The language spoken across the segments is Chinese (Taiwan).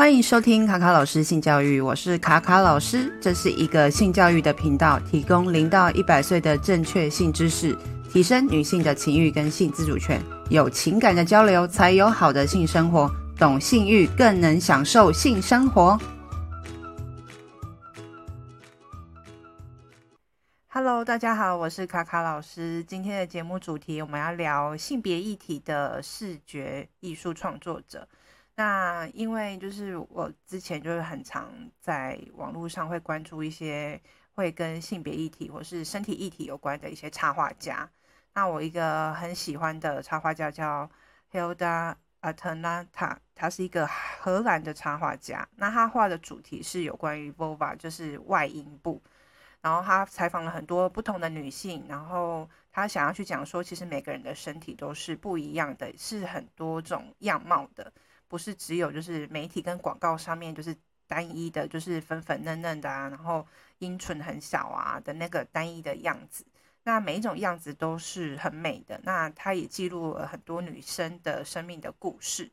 歡迎收聽卡卡老師性教育，我是卡卡老師，這是一個性教育的頻道，提供零到一百歲的正確性知識，提升女性的情慾跟性自主權，有情感的交流才有好的性生活，懂性慾更能享受性生活。Hello，大家好，我是卡卡老師，今天的節目主題我們要聊性別議題的視覺藝術創作者。那因為就是我之前就是很常在網絡上會關注一些會跟性別議題或是身體議題有關的一些插畫家。那我一個很喜歡的插畫家叫 Hilda Atalanta，他是一個荷蘭的插畫家。那他畫的主題是有關於 Vulva 就是外陰部。然後他採訪了很多不同的女性，然後他想要去講說，其實每個人的身體都是不一樣的，是很多種樣貌的。不是只有就是媒體跟廣告上面就是單一的，就是粉粉嫩嫩的啊，然後陰唇很小啊的那個單一的樣子。那每一種樣子都是很美的。那它也記錄了很多女生的生命的故事。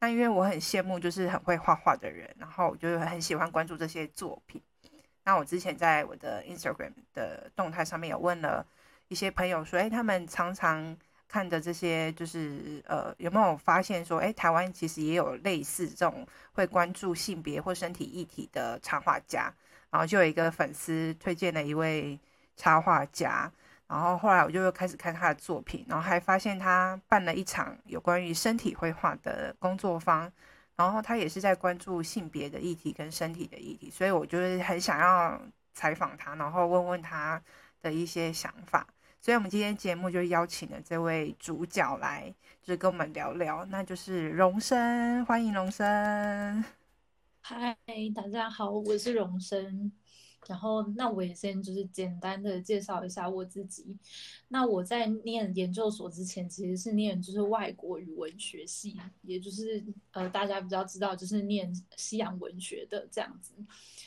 那因為我很羨慕就是很會畫畫的人，然後我就很喜歡關注這些作品。那我之前在我的 Instagram 的動態上面有問了一些朋友說，說哎，他們常常。看的這些，就是呃，有沒有發現說，哎、欸，台灣其實也有類似這種會關注性別或身體議題的插畫家？然後就有一個粉絲推薦了一位插畫家，然後後來我就又開始看他的作品，然後還發現他辦了一場有關於身體繪畫的工作坊，然後他也是在關注性別的議題跟身體的議題，所以我就是很想要採訪他，然後問問他的一些想法。所以我們今天節目就邀請了這位主角來，就是跟我們聊聊，那就是蓉生，歡迎蓉生。嗨，大家好，我是蓉生。然後，那我也先就是簡單的介紹一下我自己。那我在念研究所之前，其實是念就是外國語文學系，也就是呃大家比較知道就是念西洋文學的這樣子。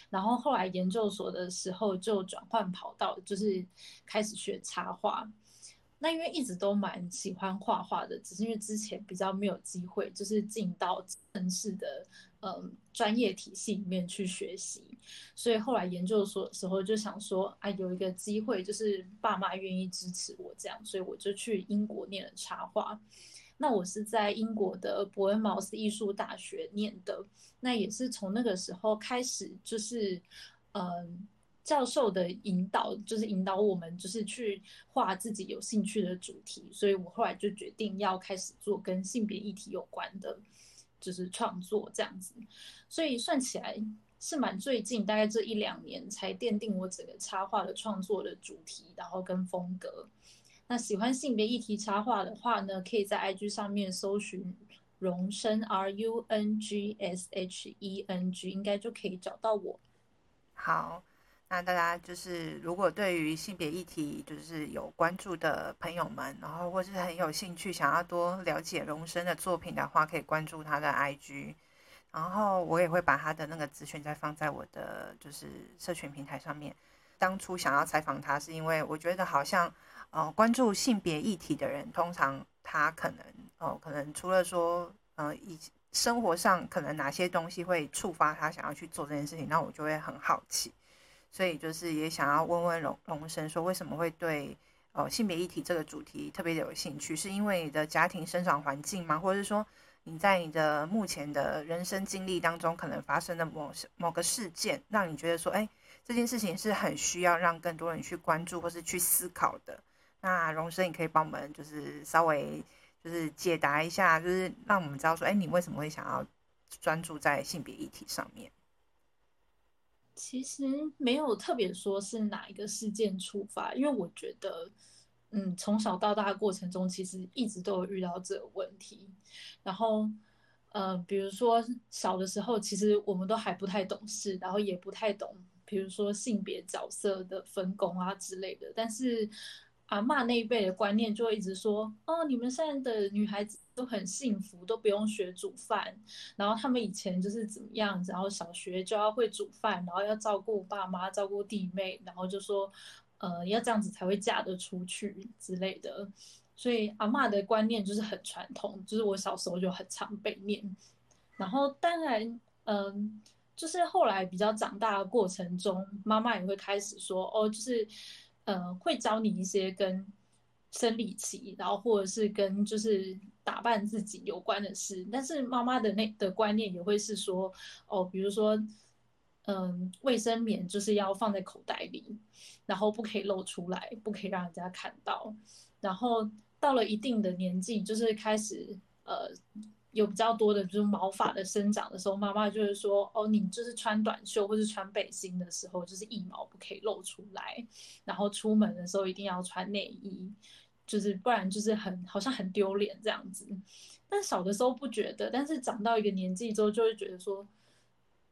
然後後來研究所的時候就轉換跑道，就是開始學插畫。那因為一直都蠻喜歡畫畫的，只是因為之前比較沒有機會，就是進到城市的嗯專、呃、業體系裡面去學習，所以後來研究所的時候就想說，哎、啊，有一個機會，就是爸媽願意支持我這樣，所以我就去英國念了插畫。那我是在英國的伯恩茅斯藝術大學念的，那也是從那個時候開始，就是嗯。呃教授的引導就是引導我們，就是去畫自己有興趣的主題，所以我後來就決定要開始做跟性別議題有關的，就是創作這樣子。所以算起來是蠻最近，大概這一兩年才奠定我整個插畫的創作的主題，然後跟風格。那喜歡性別議題插畫的話呢，可以在 IG 上面搜尋蓉生 R U N G S H E N G，應該就可以找到我。好。那大家就是如果對於性別議題就是有關注的朋友們，然後或是很有興趣想要多了解蓉生的作品的話，可以關注他的 IG，然後我也會把他的那個資訊再放在我的就是社群平台上面。當初想要採訪他，是因為我覺得好像呃關注性別議題的人，通常他可能哦、呃、可能除了說嗯以、呃、生活上可能哪些東西會觸發他想要去做這件事情，那我就會很好奇。所以就是也想要問問蓉蓉生，說為什麼會對呃、哦、性別議題這個主題特別的有興趣？是因為你的家庭生長環境嗎？或者說你在你的目前的人生經歷當中可能發生的某某個事件，讓你覺得說，哎、欸，這件事情是很需要讓更多人去關注或是去思考的？那蓉生，你可以幫我們就是稍微就是解答一下，就是讓我們知道說，哎、欸，你為什麼會想要專注在性別議題上面？其實沒有特別說是哪一個事件觸發，因為我覺得，嗯，從小到大的過程中，其實一直都有遇到這個問題。然後，呃，比如說小的時候，其實我們都還不太懂事，然後也不太懂，比如說性別角色的分工啊之類的，但是。阿嬤那一輩的觀念就會一直說哦，你們現在的女孩子都很幸福，都不用學煮飯。然後他們以前就是怎麼樣，然後小學就要會煮飯，然後要照顧爸媽、照顧弟妹，然後就說，呃，要這樣子才會嫁得出去之類的。所以阿嬤的觀念就是很傳統，就是我小時候就很常被念。然後當然，嗯、呃，就是後來比較長大的過程中，媽媽也會開始說哦，就是。呃，會教你一些跟生理期，然後或者是跟就是打扮自己有關的事，但是媽媽的那的觀念也會是說，哦，比如說，嗯、呃，衛生棉就是要放在口袋裡，然後不可以露出來，不可以讓人家看到，然後到了一定的年紀，就是開始呃。有比較多的，就是毛髮的生長的時候，媽媽就會說，哦，你就是穿短袖或者穿背心的時候，就是一毛不可以露出來，然後出門的時候一定要穿內衣，就是不然就是很好像很丟臉這樣子。但小的時候不覺得，但是長到一個年紀之後，就會覺得說，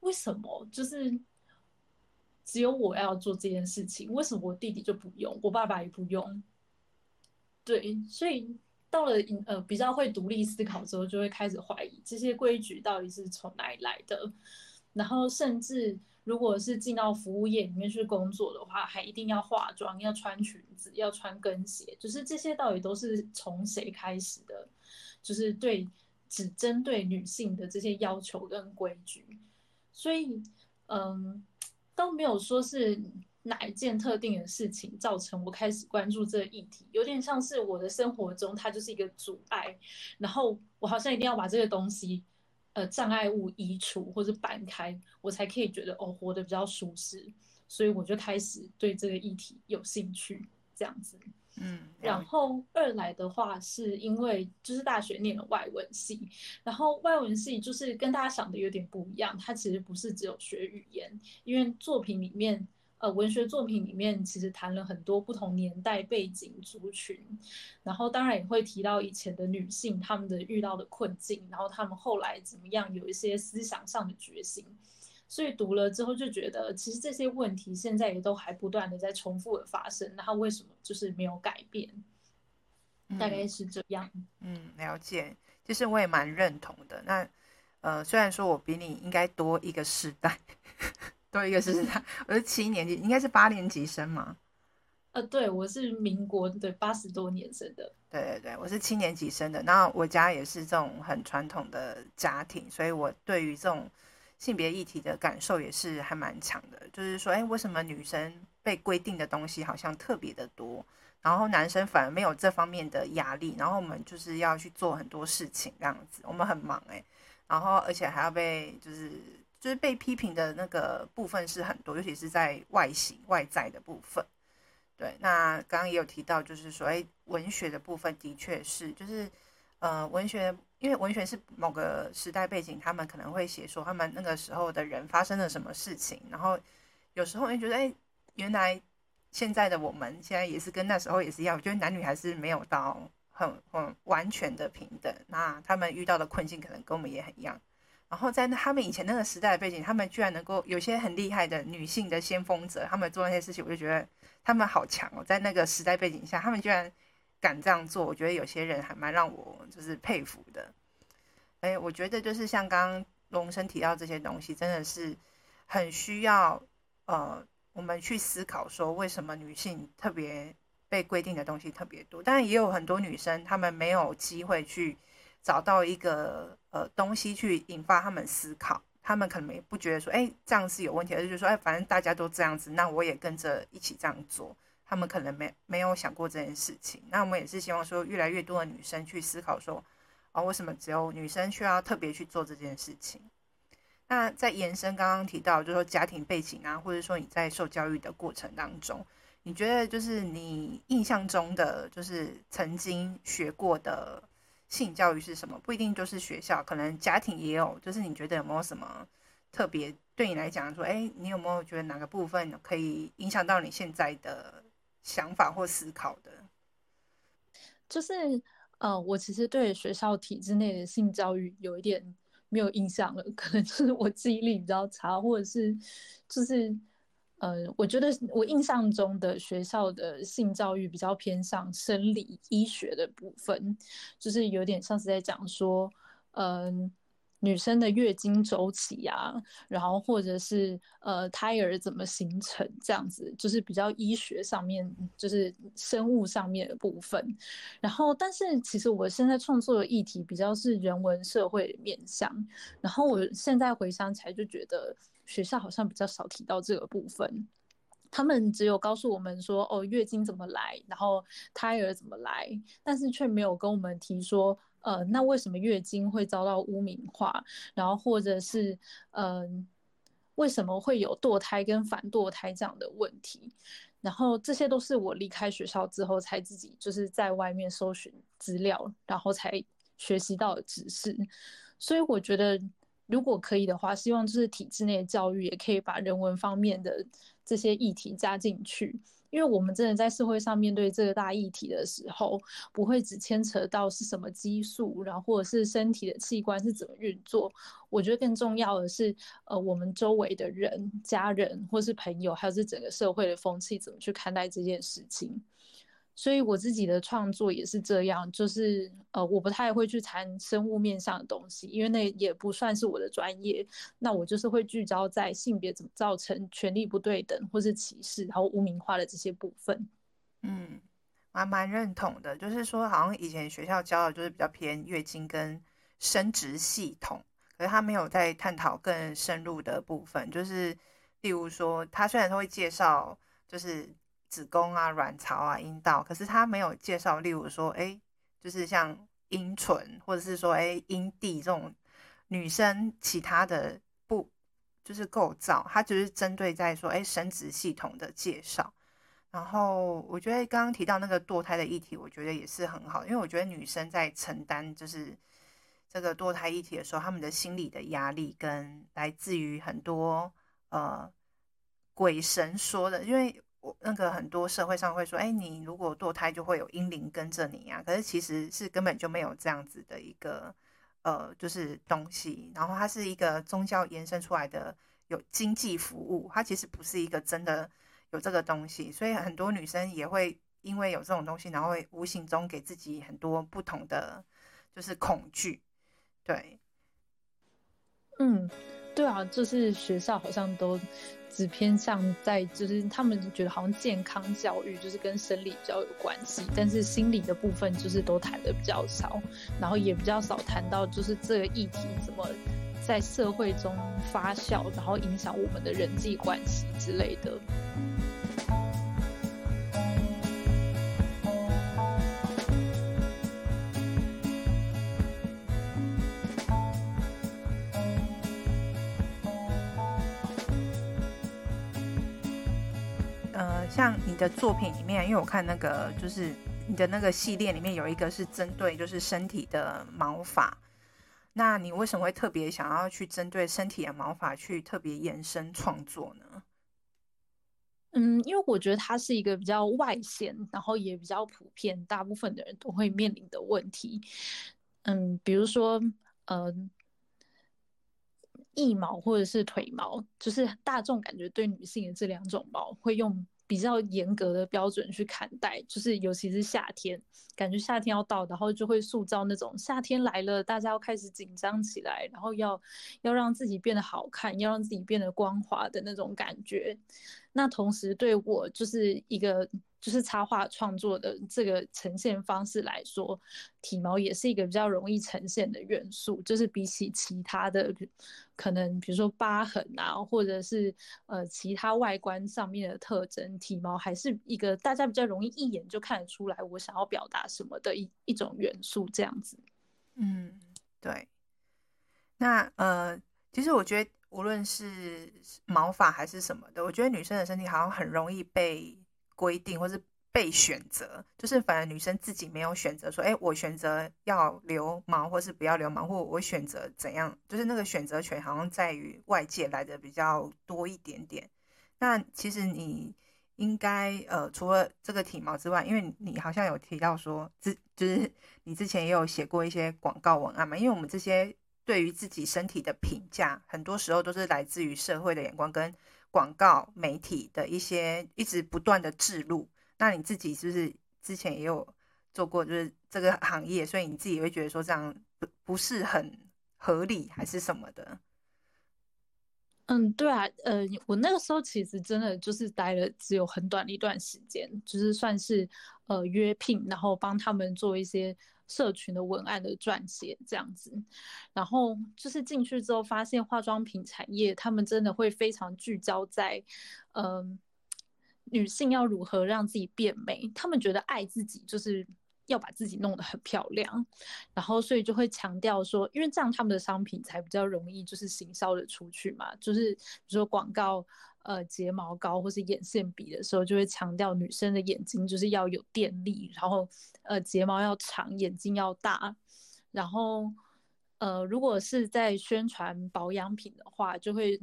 為什麼就是只有我要做這件事情？為什麼我弟弟就不用，我爸爸也不用？對，所以。到了一，呃，比較會獨立思考之後，就會開始懷疑這些規矩到底是從哪裡來的。然後，甚至如果是進到服務業裡面去工作的話，還一定要化妝、要穿裙子、要穿跟鞋，就是這些到底都是從誰開始的？就是對只針對女性的這些要求跟規矩，所以嗯，都沒有說是。哪一件特定的事情造成我開始關注這個議題，有點像是我的生活中它就是一個阻礙，然後我好像一定要把這個東西，呃障礙物移除或是搬開，我才可以覺得哦活得比較舒適，所以我就開始對這個議題有興趣這樣子。嗯，然後二來的話是因為就是大學唸了外文系，然後外文系就是跟大家想的有點不一樣，它其實不是只有學語言，因為作品裡面。呃，文學作品裡面其實談了很多不同年代背景族群，然後當然也會提到以前的女性她們的遇到的困境，然後她們後來怎麼樣，有一些思想上的覺醒。所以讀了之後就覺得，其實這些問題現在也都還不斷的在重複的發生，那為什麼就是沒有改變？嗯，大概是這樣。嗯，了解。其實我也蠻認同的。那呃，雖然說我比你應該多一個時代。 對一個是他，我是七年級，應該是八年級生嘛？呃、對，我是民國對八十多年生的，對對對，我是七年級生的。那我家也是這種很傳統的家庭，所以我對於這種性別議題的感受也是還蠻強的。就是說，哎、欸，為什麼女生被規定的東西好像特別的多，然後男生反而沒有這方面的壓力？然後我們就是要去做很多事情，這樣子，我們很忙哎、欸，然後而且還要被就是。就是被批評的那個部分是很多，尤其是在外形外在的部分。對，那剛剛也有提到，就是所謂，哎，文學的部分的確是，就是，呃，文學，因為文學是某個時代背景，他們可能會寫說他們那個時候的人發生了什麼事情。然後有時候會覺得，哎，原來現在的我們現在也是跟那時候也是一樣，我覺得男女還是沒有到很很完全的平等。那他們遇到的困境可能跟我們也很一樣。然後在那他們以前那個時代的背景，他們居然能夠有些很厲害的女性的先鋒者，他們做那些事情，我就覺得他們好強哦！在那個時代背景下，他們居然敢這樣做，我覺得有些人還蠻讓我就是佩服的。哎，我覺得就是像剛剛蓉生提到這些東西，真的是很需要呃，我們去思考說為什麼女性特別被規定的東西特別多，但也有很多女生她們沒有機會去找到一個。呃，東西去引發他們思考，他們可能也不覺得說，哎、欸，這樣是有問題，而是就是說，哎、欸，反正大家都這樣子，那我也跟着一起這樣做。他們可能沒沒有想過這件事情。那我們也是希望說，越來越多的女生去思考說，啊、哦，為什麼只有女生需要特別去做這件事情？那在延伸剛剛提到，就是說家庭背景啊，或者說你在受教育的過程當中，你覺得就是你印象中的，就是曾經學過的。性教育是什麼？不一定就是學校，可能家庭也有。就是你覺得有沒有什麼特別對你來講說，誒，你有沒有覺得哪個部分可以影響到你現在的想法或思考的？就是，嗯、呃，我其實對學校體制內的性教育有一點沒有印象了，可能就是我記憶力比較差，或者是就是。呃，我覺得我印象中的學校的性教育比較偏向生理醫學的部分，就是有點像是在講說，嗯、呃，女生的月經週期啊，然後或者是呃胎兒怎麼形成這樣子，就是比較醫學上面，就是生物上面的部分。然後，但是其實我現在創作的議題比較是人文社會面向。然後我現在回想起來，就覺得。學校好像比較少提到這個部分，他們只有告訴我們說，哦，月經怎麼來，然後胎兒怎麼來，但是卻沒有跟我們提說，呃，那為什麼月經會遭到汙名化，然後或者是，嗯、呃，為什麼會有墮胎跟反墮胎這樣的問題，然後這些都是我離開學校之後才自己就是在外面搜尋資料，然後才學習到的知識，所以我覺得。如果可以的話，希望就是體制內的教育也可以把人文方面的這些議題加進去，因為我們真的在社會上面對這個大議題的時候，不會只牽扯到是什麼激素，然後或者是身體的器官是怎麼運作。我覺得更重要的是，呃，我們周圍的人、家人或是朋友，還有是整個社會的風氣，怎麼去看待這件事情。所以我自己的創作也是這樣，就是呃，我不太會去談生物面上的東西，因為那也不算是我的專業。那我就是會聚焦在性別怎麼造成權力不對等，或是歧視，然後污名化的這些部分。嗯，還蠻，蠻認同的。就是說，好像以前學校教的就是比較偏月經跟生殖系統，可是他沒有在探討更深入的部分，就是例如說，他雖然他會介紹，就是。子宮啊、卵巢啊、陰道，可是他沒有介紹，例如說，欸，就是像陰唇或者是說，欸，陰蒂這種女生其他的不就是構造，他只是針對在說，欸，生殖系統的介紹。然後我覺得剛剛提到那個墮胎的議題，我覺得也是很好，因為我覺得女生在承擔就是這個墮胎議題的時候，她們的心理的壓力跟來自於很多呃鬼神說的，因為。我那個很多社會上會說，哎，你如果墮胎就會有嬰靈跟着你啊。可是其實是根本就沒有這樣子的一個，呃，就是東西。然後它是一個宗教延伸出來的有經濟服務，它其實不是一個真的有這個東西。所以很多女生也會因為有這種東西，然後會無形中給自己很多不同的就是恐懼。對，嗯，對啊，就是學校好像都。只偏向在就是，他們覺得好像健康教育就是跟生理比較有關係，但是心理的部分就是都談得比較少，然後也比較少談到就是這個議題怎麼在社會中發酵，然後影響我們的人際關係之類的。呃，像你的作品裡面，因為我看那個就是你的那個系列裡面有一個是針對就是身體的毛髮，那你為什麼會特別想要去針對身體的毛髮去特別延伸創作呢？嗯，因為我覺得它是一個比較外顯，然後也比較普遍，大部分的人都會面臨的問題。嗯，比如說，嗯、呃。腋毛或者是腿毛，就是大眾感覺對女性的這兩種毛，會用比較嚴格的標準去看待。就是尤其是夏天，感覺夏天要到，然後就會塑造那種夏天來了，大家要開始緊張起來，然後要要讓自己變得好看，要讓自己變得光滑的那種感覺。那同時對我就是一個。就是插畫創作的這個呈現方式來說，體毛也是一個比較容易呈現的元素。就是比起其他的，可能比如說疤痕啊，或者是呃其他外觀上面的特徵，體毛還是一個大家比較容易一眼就看得出來我想要表達什麼的一一種元素。這樣子，嗯，對。那呃，其實我覺得無論是毛髮還是什麼的，我覺得女生的身體好像很容易被。規定，或是被選擇，就是反而女生自己沒有選擇說，哎、欸，我選擇要留毛，或是不要留毛，或我選擇怎樣，就是那個選擇權好像在於外界來得比較多一點點。那其實你應該，呃，除了這個體毛之外，因為你好像有提到說，之就是你之前也有寫過一些廣告文案嘛，因為我們這些對於自己身體的評價，很多時候都是來自於社會的眼光跟廣告媒體的一些一直不斷的置入，那你自己就是，是之前也有做過，就是這個行業，所以你自己也會覺得說這樣不是很合理，還是什麼的？嗯，對啊，呃，我那個時候其實真的就是待了只有很短的一段時間，就是算是呃約聘，然後幫他們做一些。社群的文案的撰寫這樣子，然後就是進去之後發現化妝品產業，他們真的會非常聚焦在，嗯，女性要如何讓自己變美，他們覺得愛自己就是。要把自己弄得很漂亮，然後所以就會強調說，因為這樣他們的商品才比較容易就是行銷的出去嘛。就是比如說廣告，呃，睫毛膏或是眼線筆的時候，就會強調女生的眼睛就是要有電力，然後呃睫毛要長，眼睛要大。然後呃，如果是在宣傳保養品的話，就會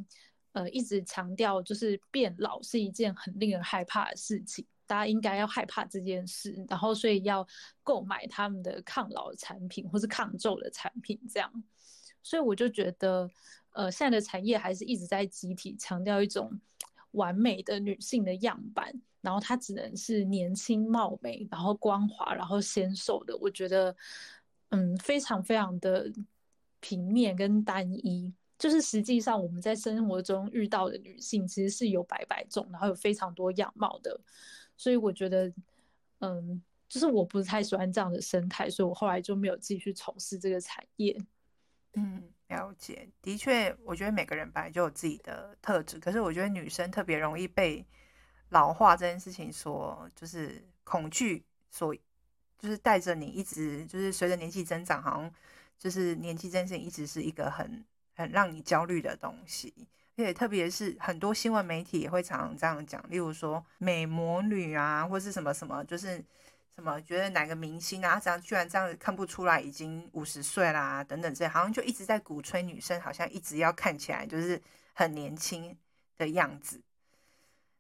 呃一直強調，就是變老是一件很令人害怕的事情。大家應該要害怕這件事，然後所以要購買他們的抗老產品或是抗皺的產品，產品這樣。所以我就覺得，呃，現在的產業還是一直在集體強調一種完美的女性的樣板，然後她只能是年輕貌美，然後光滑，然後纖瘦的。我覺得，嗯，非常非常的平面跟單一，就是實際上我們在生活中遇到的女性，其實是有百百種，然後有非常多樣貌的。所以我覺得，嗯，就是我不太喜歡這樣的生態，所以我後來就沒有繼續從事這個產業。嗯，了解。的確，我覺得每個人本來就有自己的特質，可是我覺得女生特別容易被老化這件事情所，就是恐懼所，所就是帶着你一直，就是隨着年紀增長，好像就是年紀這件事情一直是一個很很讓你焦慮的東西。也特別是很多新聞媒體也會常常這樣講，例如說美魔女啊，或是什麼什麼，就是什麼覺得哪個明星啊，這樣居然這樣看不出來已經五十歲啦，等等，這樣好像就一直在鼓吹女生好像一直要看起來就是很年輕的樣子。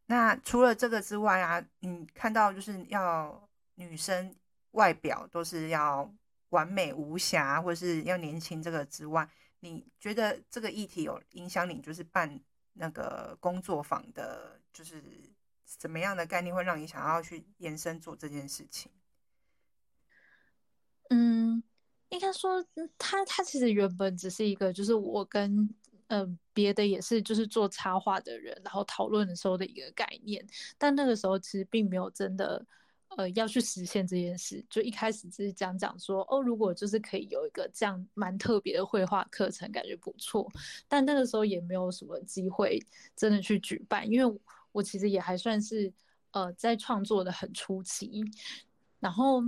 那除了這個之外啊，你看到就是要女生外表都是要完美無瑕，或是要年輕這個之外。你覺得這個議題有影響你，就是辦那個工作坊的，就是怎麼樣的概念會讓你想要去延伸做這件事情？嗯，應該說他，他他其實原本只是一個，就是我跟嗯、呃、別的也是，就是做插畫的人，然後討論的時候的一個概念，但那個時候其實並沒有真的。呃，要去實現這件事，就一開始只是講講說，哦，如果就是可以有一個這樣蠻特別的繪畫課程，感覺不錯。但那個時候也沒有什麼機會真的去舉辦，因為我，我其實也還算是呃在創作的很初期。然後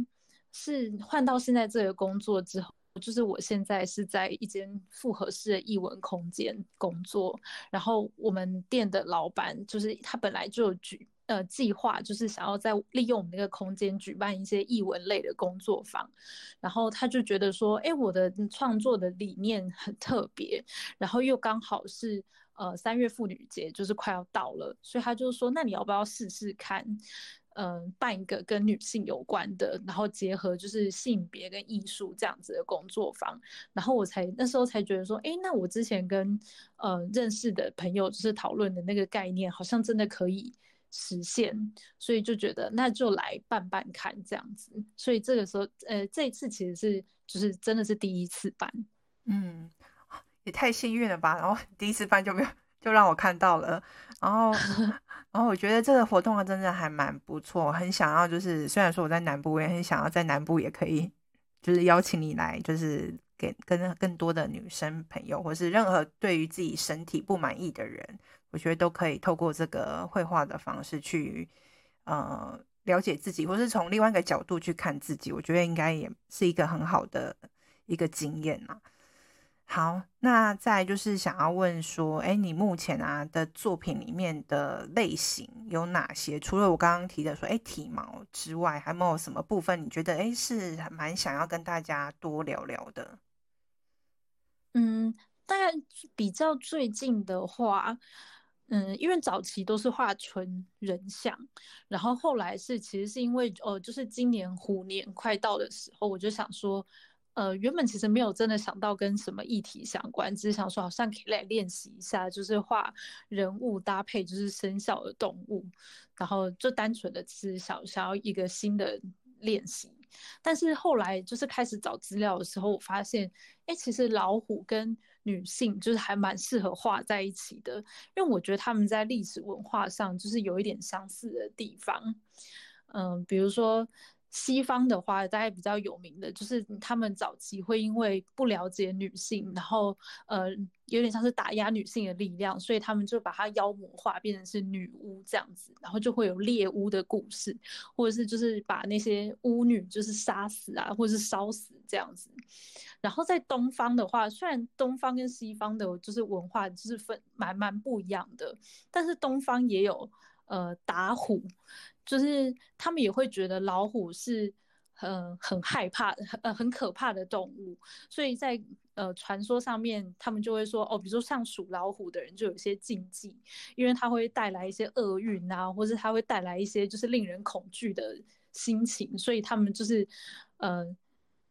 是換到現在這個工作之後，就是我現在是在一間複合式的藝文空間工作，然後我們店的老闆就是他本來就舉。呃，計劃就是想要在利用我們那個空間舉辦一些藝文類的工作坊，然後他就覺得說，哎、欸，我的創作的理念很特別，然後又剛好是呃三月婦女節就是快要到了，所以他就是說，那你要不要試試看，嗯、呃，辦一個跟女性有關的，然後結合就是性別跟藝術這樣子的工作坊，然後我才那時候才覺得說，哎、欸，那我之前跟呃認識的朋友就是討論的那個概念，好像真的可以。實現，所以就覺得那就來辦辦看這樣子，所以這個時候，呃，這一次其實是就是真的是第一次辦，嗯，也太幸運了吧！然後第一次辦就沒有就讓我看到了，然後 然後我覺得這個活動啊，真的還蠻不錯，很想要就是，雖然說我在南部，我也很想要在南部也可以，就是邀請你來就是，給跟更多的女生朋友，或是任何對於自己身體不滿意的人，我覺得都可以透過這個繪畫的方式去，呃，了解自己，或是從另外一個角度去看自己。我覺得應該也是一個很好的一個經驗吶。好，那再就是想要問說，欸，你目前啊的作品裡面的類型有哪些？除了我剛剛提的說，欸，體毛之外，還沒有什麼部分你覺得，欸，是蠻想要跟大家多聊聊的？嗯，但比較最近的話，嗯，因為早期都是畫純人像，然後後來是其實是因為哦、呃，就是今年虎年快到的時候，我就想說，呃，原本其實沒有真的想到跟什麼議題相關，只是想說好像可以來練習一下，就是畫人物搭配就是生肖的動物，然後就單純的只是想想要一個新的。練習，但是後來就是開始找資料的時候，我發現，哎，其實老虎跟女性就是還蠻適合畫在一起的，因為我覺得他們在歷史文化上就是有一點相似的地方，嗯，比如說。西方的話，大概比較有名的就是他們早期會因為不了解女性，然後呃有點像是打壓女性的力量，所以他們就把它妖魔化，變成是女巫這樣子，然後就會有獵巫的故事，或者是就是把那些巫女就是殺死啊，或者是燒死這樣子。然後在東方的話，雖然東方跟西方的就是文化就是分蠻蠻不一樣的，但是東方也有呃打虎。就是他們也會覺得老虎是，嗯、呃，很害怕，很呃，很可怕的動物，所以在呃傳說上面，他們就會說，哦，比如說像屬老虎的人就有些禁忌，因為它會帶來一些厄運啊，或是它會帶來一些就是令人恐懼的心情，所以他們就是，呃，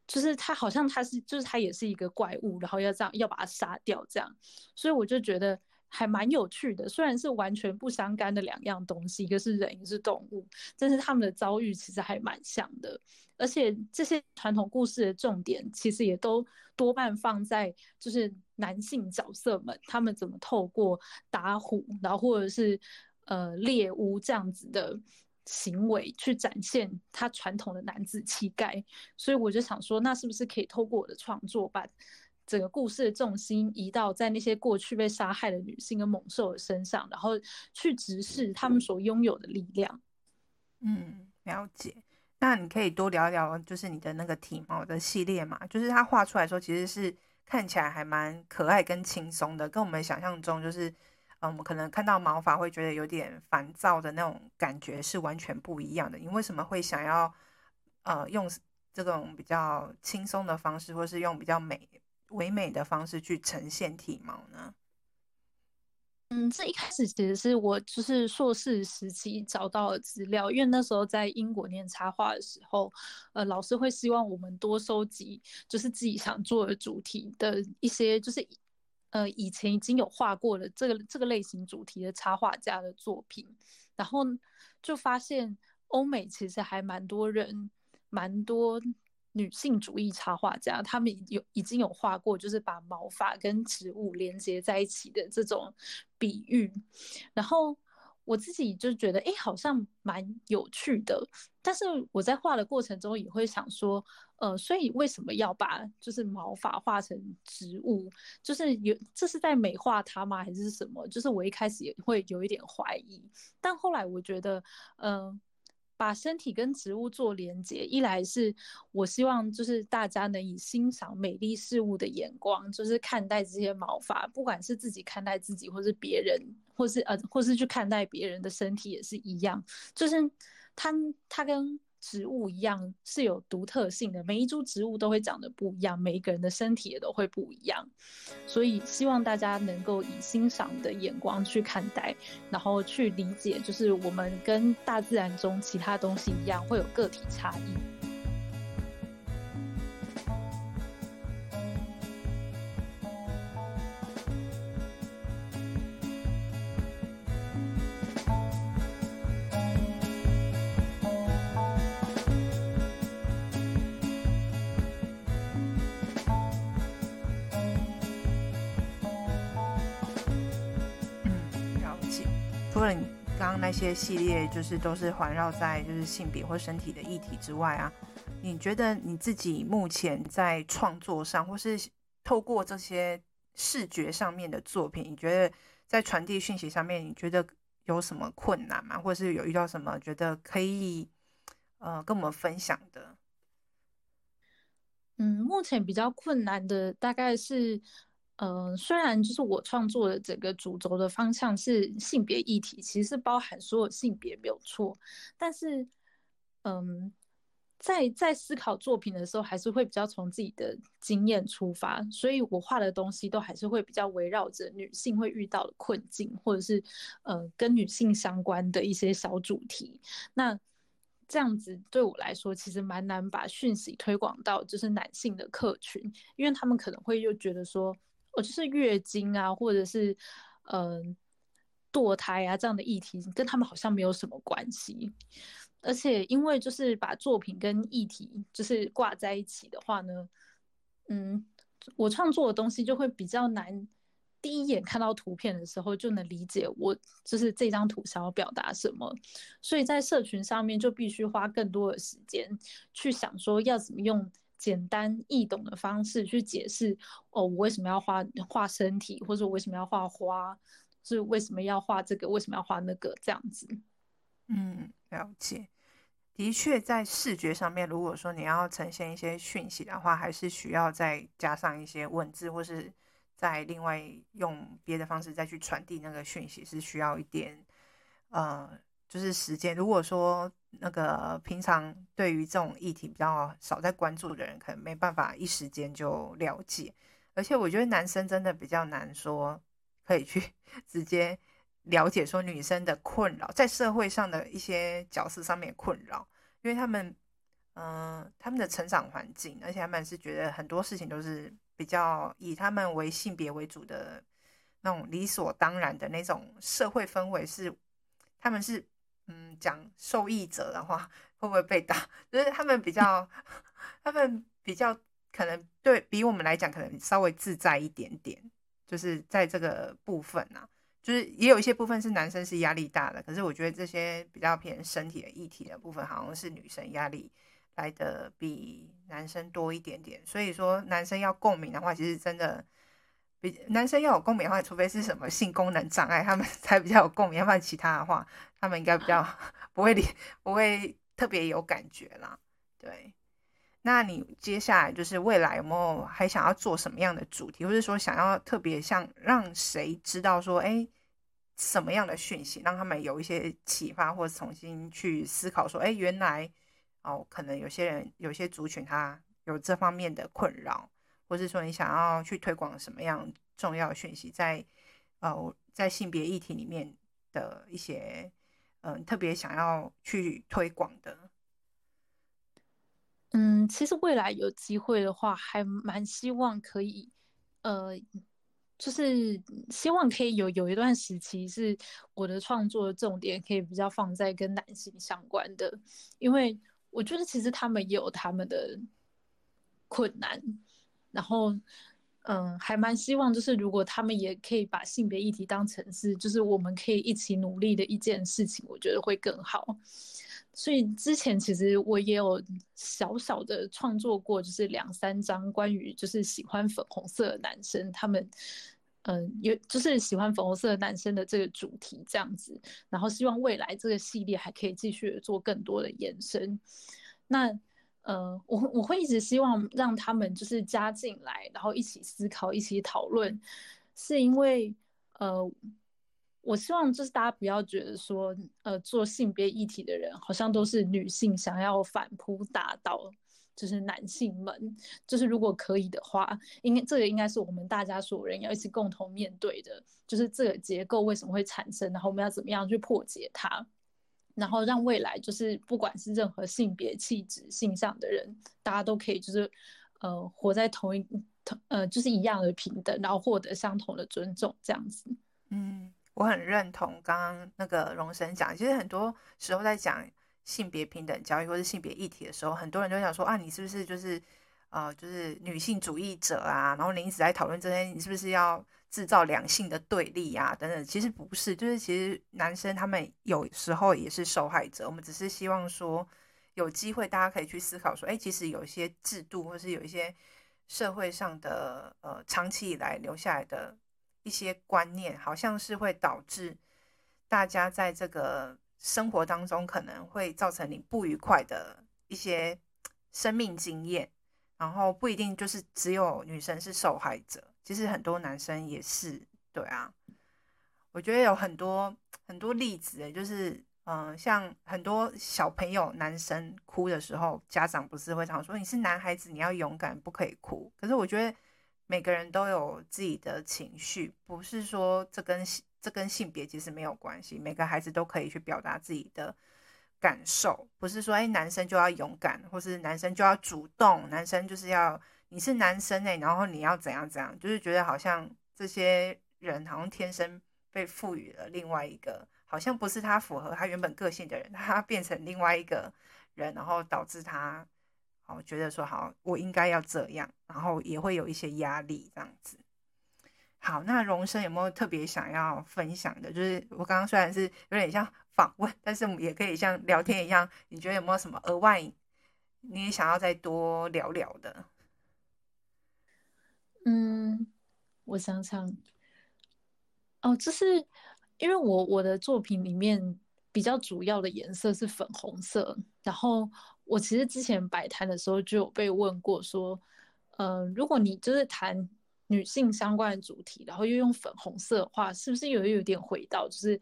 就是他好像他是，就是他也是一個怪物，然後要這樣要把他殺掉這樣，所以我就覺得。還蠻有趣的，雖然是完全不相干的兩樣東西，一個是人，一個是動物，但是他們的遭遇其實還蠻像的。而且這些傳統故事的重點，其實也都多半放在就是男性角色們他們怎麼透過打虎，然後或者是呃獵巫這樣子的行為，去展現他傳統的男子氣概。所以我就想說，那是不是可以透過我的創作把？整個故事的重心移到在那些過去被殺害的女性跟猛獸的身上，然後去直視他們所擁有的力量。嗯，了解。那你可以多聊聊，就是你的那個體毛的系列嘛？就是他畫出來說其實是看起來還蠻可愛跟輕鬆的，跟我們想象中就是，嗯，我們可能看到毛髮會覺得有點煩躁的那種感覺是完全不一樣的。你為什麼會想要，呃，用這種比較輕鬆的方式，或是用比較美？唯美的方式去呈現體毛呢？嗯，這一開始其實是我就是碩士時期找到的資料，因為那時候在英國念插畫的時候，呃，老師會希望我們多收集就是自己想做的主題的一些，就是呃以前已經有畫過的這個這個類型主題的插畫家的作品，然後就發現歐美其實還蠻多人，蠻多。女性主義插畫家，他們有已經有畫過，就是把毛髮跟植物連接在一起的這種比喻。然後我自己就覺得，哎、欸，好像蠻有趣的。但是我在畫的過程中也會想說，呃，所以為什麼要把就是毛髮畫成植物？就是有這是在美化它嗎，還是什麼？就是我一開始也會有一點懷疑，但後來我覺得，嗯、呃。把身體跟植物做連接，一來是我希望，就是大家能以欣賞美麗事物的眼光，就是看待這些毛髮，不管是自己看待自己，或是別人，或是呃，或是去看待別人的身體也是一樣，就是他，他跟。植物一樣是有獨特性的，每一株植物都會長得不一樣，每一個人的身體也都會不一樣，所以希望大家能夠以欣賞的眼光去看待，然後去理解，就是我們跟大自然中其他東西一樣，會有個體差異。除了你剛剛那些系列，就是都是環繞在就是性別或身體的議題之外啊，你覺得你自己目前在創作上，或是透過這些視覺上面的作品，你覺得在傳遞訊息上面，你覺得有什麼困難嗎？或是有遇到什麼覺得可以，呃，跟我們分享的？嗯，目前比較困難的大概是。嗯、呃，雖然就是我創作的整個主軸的方向是性別議題，其實是包含所有性別沒有錯，但是，嗯、呃，在在思考作品的時候，還是會比較從自己的經驗出發，所以我畫的東西都還是會比較圍繞着女性會遇到的困境，或者是、呃、跟女性相關的一些小主題。那這樣子對我來說，其實蠻難把訊息推廣到就是男性的客群，因為他們可能會又覺得說。我就是月經啊，或者是，嗯、呃，墮胎啊這樣的議題，跟他們好像沒有什麼關係。而且因為就是把作品跟議題就是掛在一起的話呢，嗯，我創作的東西就會比較難，第一眼看到圖片的時候就能理解我就是這張圖想要表達什麼。所以在社群上面就必須花更多的時間去想說要怎麼用。簡單易懂的方式去解釋哦，我為什麼要畫畫身體，或者我為什麼要畫花，是為什麼要畫這個，為什麼要畫那個這樣子？嗯，了解。的確，在視覺上面，如果說你要呈現一些訊息的話，還是需要再加上一些文字，或是再另外用別的方式再去傳遞那個訊息，是需要一點呃，就是時間。如果說。那個平常對於這種議題比較少在關注的人，可能沒辦法一時間就了解。而且我覺得男生真的比較難說，可以去直接了解說女生的困擾，在社會上的一些角色上面困擾，因為他們，嗯、呃，他們的成長環境，而且他們是覺得很多事情都是比較以他們為性別為主的那種理所當然的那種社會氛圍是，是他們是。嗯，講受益者的話，會不會被打？就是他們比較，他們比較可能對比我們來講，可能稍微自在一點點。就是在這個部分啊，就是也有一些部分是男生是壓力大的，可是我覺得這些比較偏身體的議題的部分，好像是女生壓力來的比男生多一點點。所以說，男生要共鳴的話，其實真的。男生要有共鳴的話，除非是什麼性功能障礙，他們才比較有共鳴。要不然其他的話，他們應該比較不會理，不會特別有感覺啦。對，那你接下來就是未來有沒有還想要做什麼樣的主題，或者說想要特別像讓誰知道說，哎，什麼樣的訊息讓他們有一些啟發，或重新去思考說，哎，原來哦，可能有些人有些族群他有這方面的困擾。或是說你想要去推廣什麼樣重要訊息在，在呃，在性別議題裡面的一些嗯、呃，特別想要去推廣的。嗯，其實未來有機會的話，還蠻希望可以，呃，就是希望可以有有一段時期是我的創作的重點，可以比較放在跟男性相關的，因為我覺得其實他們也有他們的困難。然後，嗯，還蠻希望，就是如果他們也可以把性別議題當成是，就是我們可以一起努力的一件事情，我覺得會更好。所以之前其實我也有小小的創作過，就是兩三張關於就是喜歡粉紅色的男生他們，嗯，有就是喜歡粉紅色的男生的這個主題這樣子。然後希望未來這個系列還可以繼續做更多的延伸。那。呃，我我會一直希望讓他們就是加進來，然後一起思考、一起討論，是因為呃，我希望就是大家不要覺得說，呃，做性別議題的人好像都是女性，想要反撲打倒就是男性們，就是如果可以的話，應該這個應該是我們大家所有人要一起共同面對的，就是這個結構為什麼會產生，然後我們要怎麼樣去破解它。然後讓未來就是不管是任何性別、氣質、性向的人，大家都可以就是，呃，活在同一同呃就是一樣的平等，然後獲得相同的尊重這樣子。嗯，我很認同剛剛那個蓉生講，其實很多時候在講性別平等、教育，或是性別議題的時候，很多人就想說啊，你是不是就是，呃，就是女性主義者啊？然後你一直在討論這些，你是不是要？製造兩性的對立啊等等，其實不是，就是其實男生他們有時候也是受害者。我們只是希望說，有機會大家可以去思考說，哎、欸，其實有一些制度或是有一些社會上的呃，長期以來留下來的，一些觀念，好像是會導致大家在這個生活當中可能會造成你不愉快的一些生命經驗。然後不一定就是只有女生是受害者。其實很多男生也是，對啊，我覺得有很多很多例子誒，就是嗯，像很多小朋友男生哭的時候，家長不是會常說你是男孩子，你要勇敢，不可以哭。可是我覺得每個人都有自己的情緒，不是說這跟這跟性別其實沒有關係，每個孩子都可以去表達自己的感受，不是說哎，男生就要勇敢，或是男生就要主動，男生就是要。你是男生欸，然後你要怎樣怎樣，就是覺得好像這些人好像天生被賦予了另外一個，好像不是他符合他原本個性的人，他變成另外一個人，然後導致他好覺得說，好我應該要這樣，然後也會有一些壓力這樣子。好，那蓉生有沒有特別想要分享的？就是我剛剛雖然是有點像訪問，但是我們也可以像聊天一樣，你覺得有沒有什麼額外你也想要再多聊聊的？嗯，我想想，哦，就是因為我我的作品裡面比較主要的顏色是粉紅色，然後我其實之前擺攤的時候就有被問過，說，嗯、呃，如果你就是談女性相關的主題，然後又用粉紅色的話，是不是有有點回到，就是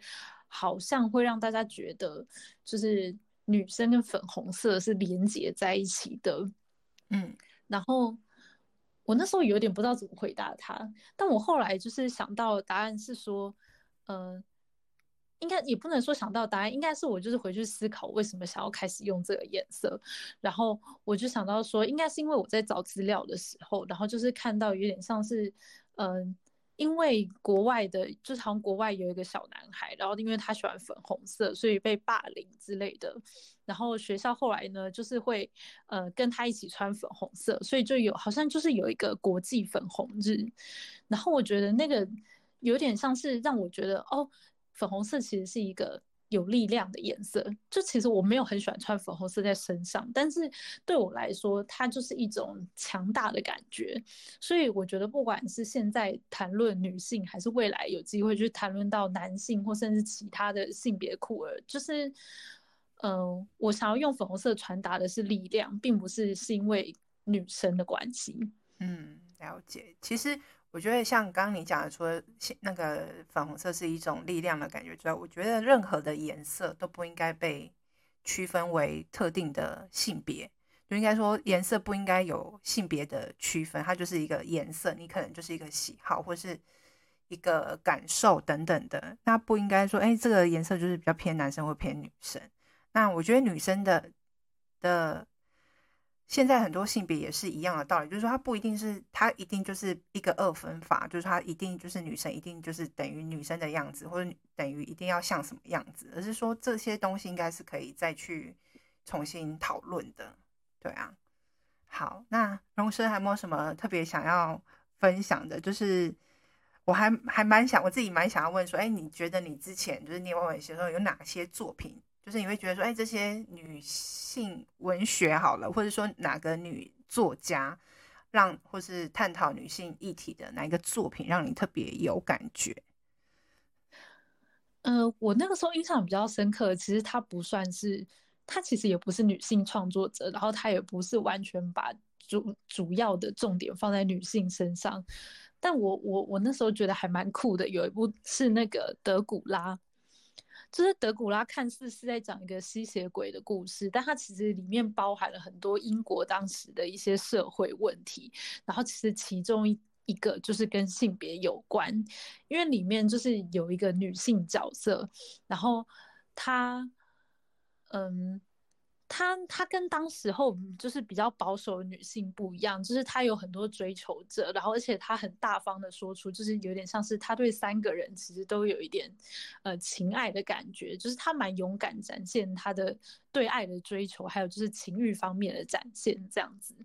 好像會讓大家覺得就是女生跟粉紅色是連接在一起的，嗯，然後。我那時候有點不知道怎麼回答他，但我後來就是想到答案是說，嗯、呃，應該也不能說想到答案，應該是我就是回去思考為什麼想要開始用這個顏色，然後我就想到說，應該是因為我在找資料的時候，然後就是看到有點像是，嗯、呃。因為國外的，就是好像國外有一個小男孩，然後因為他喜歡粉紅色，所以被霸凌之類的。然後學校後來呢，就是會，呃，跟他一起穿粉紅色，所以就有好像就是有一個國際粉紅日。然後我覺得那個有點像是讓我覺得哦，粉紅色其實是一個。有力量的顏色，就其實我沒有很喜歡穿粉紅色在身上，但是對我來說，它就是一種強大的感覺。所以我覺得，不管是現在談論女性，還是未來有機會去談論到男性，或甚至其他的性別酷兒，就是，嗯、呃，我想要用粉紅色傳達的是力量，並不是是因為女生的關係。嗯，了解。其實。我覺得像剛剛你講的說，除了那個粉紅色是一種力量的感覺之外，我覺得任何的顏色都不應該被區分為特定的性別，就應該說顏色不應該有性別的區分，它就是一個顏色，你可能就是一個喜好，或是一個感受等等的。那不應該說，哎，這個顏色就是比較偏男生或偏女生。那我覺得女生的的。現在很多性別也是一樣的道理，就是說它不一定是，是它一定就是一個二分法，就是它一定就是女生，一定就是等於女生的樣子，或者等於一定要像什麼樣子，而是說這些東西應該是可以再去重新討論的，對啊。好，那蓉生還沒有什麼特別想要分享的，就是我還還蠻想我自己蠻想要問說，哎，你覺得你之前就是念外文的生有哪些作品？就是你會覺得說，哎，這些女性文學好了，或者說哪個女作家讓，讓或是探討女性議題的哪一個作品讓你特別有感覺？呃，我那個時候印象比較深刻，其實她不算是，她其實也不是女性創作者，然後她也不是完全把主主要的重點放在女性身上。但我我我那時候覺得還蠻酷的，有一部是那個德古拉。就是德古拉看似是在講一個吸血鬼的故事，但它其實裡面包含了很多英國當時的一些社會問題。然後，其實其中一個就是跟性別有關，因為裡面就是有一個女性角色，然後她，嗯。她她跟當時候就是比較保守的女性不一樣，就是她有很多追求者，然後而且她很大方的說出，就是有點像是她對三個人其實都有一點，呃情愛的感覺，就是她蠻勇敢展現她的對愛的追求，還有就是情慾方面的展現這樣子，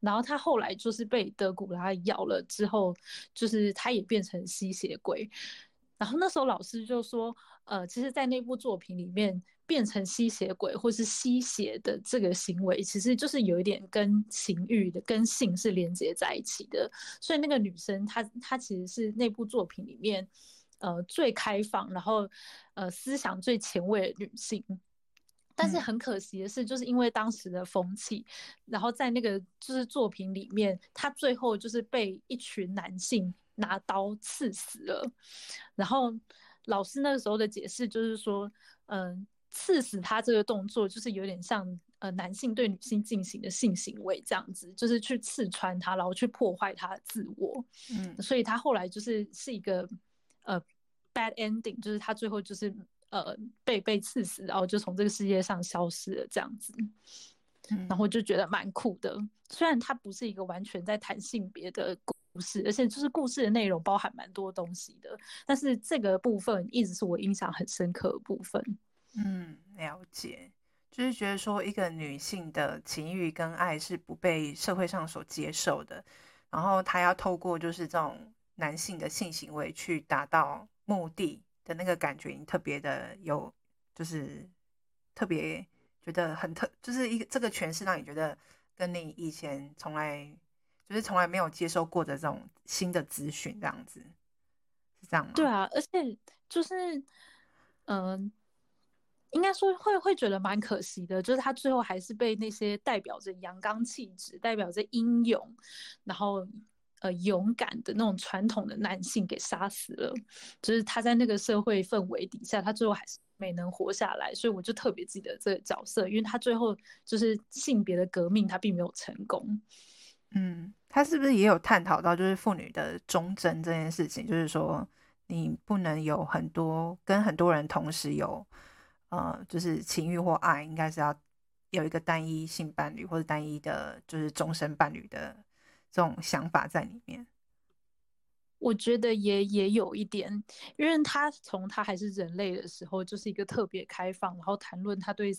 然後她後來就是被德古拉咬了之後，就是她也變成吸血鬼，然後那時候老師就說。呃，其實，在那部作品裡面，變成吸血鬼或是吸血的這個行為，其實就是有一點跟情慾的、跟性是連接在一起的。所以，那個女生她她其實是那部作品裡面，呃，最開放，然後呃，思想最前衛的女性。但是很可惜的是，嗯、就是因為當時的風氣，然後在那個就是作品裡面，她最後就是被一群男性拿刀刺死了，然後。老師那個時候的解釋就是說，嗯，呃，刺死他這個動作就是有點像呃男性對女性進行的性行為這樣子，就是去刺穿他，然後去破壞他的自我。嗯，所以他後來就是是一個呃 bad ending，就是他最後就是呃被被刺死，然後就從這個世界上消失了這樣子。嗯，然後就覺得蠻酷的，雖然他不是一個完全在談性別的。不是，而且就是故事的內容包含蠻多東西的，但是這個部分一直是我印象很深刻的部分。嗯，了解，就是覺得說一個女性的情欲跟愛是不被社會上所接受的，然後她要透過就是這種男性的性行為去達到目的的那個感覺，你特別的有，就是特別覺得很特，就是一個這個詮釋讓你覺得跟你以前從來。就是從來沒有接受過的這種新的資訊，這樣子是這樣嗎？對啊，而且就是，嗯、呃，應該說會會覺得蠻可惜的，就是他最後還是被那些代表着陽剛氣質、代表着英勇，然後呃勇敢的那種傳統的男性給殺死了。就是他在那個社會氛圍底下，他最後還是沒能活下來。所以我就特別記得這個角色，因為他最後就是性別的革命，他並沒有成功。嗯，他是不是也有探討到就是婦女的忠貞這件事情？就是說，你不能有很多跟很多人同時有，呃，就是情欲或愛，應該是要有一個單一性伴侶或者單一的，就是終身伴侶的這種想法在裡面。我覺得也也有一點，因為她從她還是人類的時候，就是一個特別開放，嗯、然後談論她對，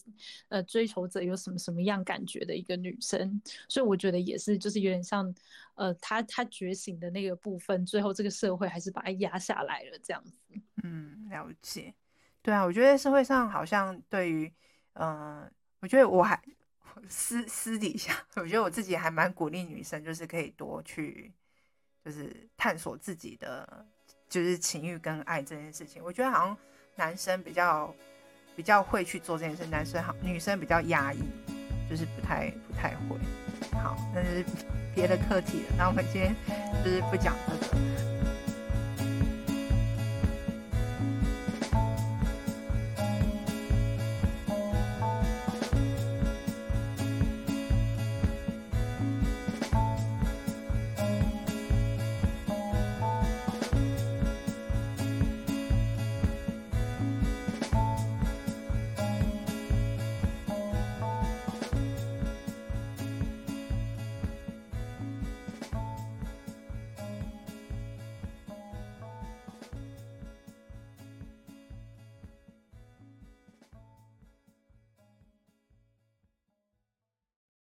呃，追求者有什麼什麼樣感覺的一個女生，所以我覺得也是，就是有點像，呃，她她覺醒的那個部分，最後這個社會還是把她壓下來了，這樣子。嗯，了解。對啊，我覺得社會上好像對於，嗯、呃，我覺得我還我私私底下，我覺得我自己還蠻鼓勵女生，就是可以多去。就是探索自己的，就是情欲跟愛這件事情，我覺得好像男生比較比較會去做這件事，男生好，女生比較壓抑，就是不太不太會，好，那就是別的課題了，那我們今天就是不講這個。